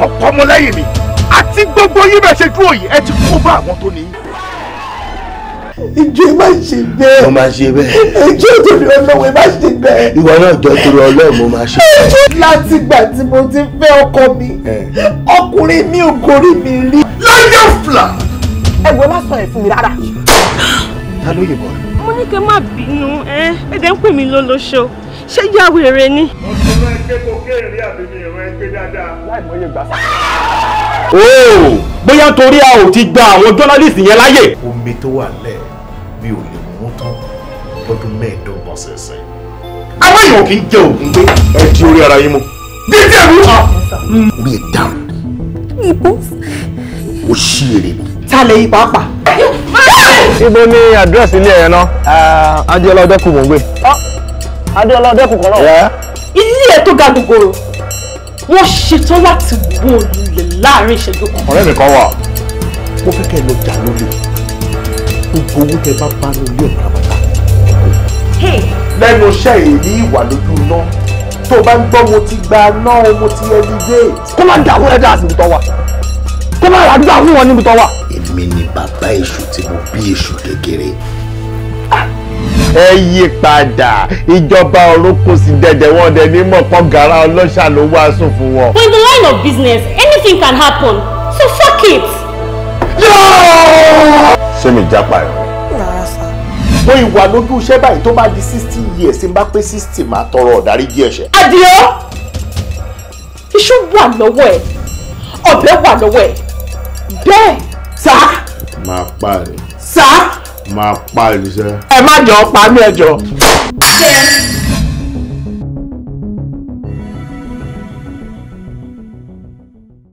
wọ́n kọ́ ọmọ lẹ́yìn mi àti gbogbo yín bẹ́ẹ̀ ṣe dúró yìí ẹ ti kó bá àwọn tó ní. ìjọ ẹ má ṣe bẹ́ẹ̀. mo máa ṣe bẹ́ẹ̀. ìjọ ìtòrí ọlọ́wọ́ ẹ má ṣe bẹ́ẹ̀. ìwọ náà jọ torí ọlọ́ọ̀ mo máa ṣe bẹ́ẹ̀. láti ìgbà tí mo ti fẹ́ ọkọ mi ọkùnrin mi ò gorí mi rí. láyé fìlà. ẹ̀wọ̀ ẹ má sọ ẹ̀ fún mi rárá. ta ló yìnbọn. mo ní kẹ́ má bínú ẹ ẹ̀dẹ̀ ń pè mí lólóṣó ṣé yá ni. mo ti àbí mi dáadáa láì mọye gbà sá. ooo bóyá torí a ò ti gba àwọn jọ́nálìsì yẹn láyè. omi tó wà lẹ̀ mi ò lè mú tán lọ́dún mẹ́ẹ̀ẹ́dọ́gbọ̀n ṣẹ̀ṣẹ̀. àwọn èèyàn kì í jẹ òògùn pé ẹ di orí ara yín mu. dídí ẹ̀rú hàn. orí ẹ̀ dáhùn. ìbò. ó ṣí èrè mi. ta lè yí pàápàá. ibo ni àdírẹ́sì ilé ẹ̀ náà adéọlá ọdẹkùn mò ń gbé. adéọlá ọdẹkùn kọ́ náà. ilé ẹ̀ tó ga gògòrò wọ́n ṣetán láti wó olùlẹ̀ láàrin ìṣẹ́jú kan. ọ̀rẹ́ mi kan wà ó fẹ́ kẹ́ ẹ lọ jà lólè gbogbo owó tẹ bá bá ní ilé ọ̀nà àbàtà lẹ́nu iṣẹ́ èyí ìwà lójú iná tó bá ń gbọ́ mo ti gba náà mo ti ẹni dé. kó má dàrú ẹ̀dá àti ibùtọ́ wa kó má ràdúrà fún wọn níbi tó wà. èmi ni bàbá èṣù tí mo bí èṣù kékeré ẹ yí padà ìjọba ọ̀run sí dẹ̀dẹ̀ wọn dẹ̀ ní mọ̀pọ̀ gàrà ọlọ́ṣà ló wàásù fún wọn. but in the line of business anything can happen so fuck it. ṣé mi jápa ẹ̀ rárá sá. mo ìwà lójú iṣẹ́ báyìí tó bá di sixty years tí n bá pé sixty máa tọrọ ìdáríjì ẹ̀ṣẹ̀. àdìo iṣu wà lọ́wọ́ ẹ̀ ọ̀bẹ wà lọ́wọ́ ẹ̀ bẹ́ẹ̀ sá. máa pa rẹ̀. sá máa pa ìlú sẹ́. ẹ má jọ pa mí ẹ jọ.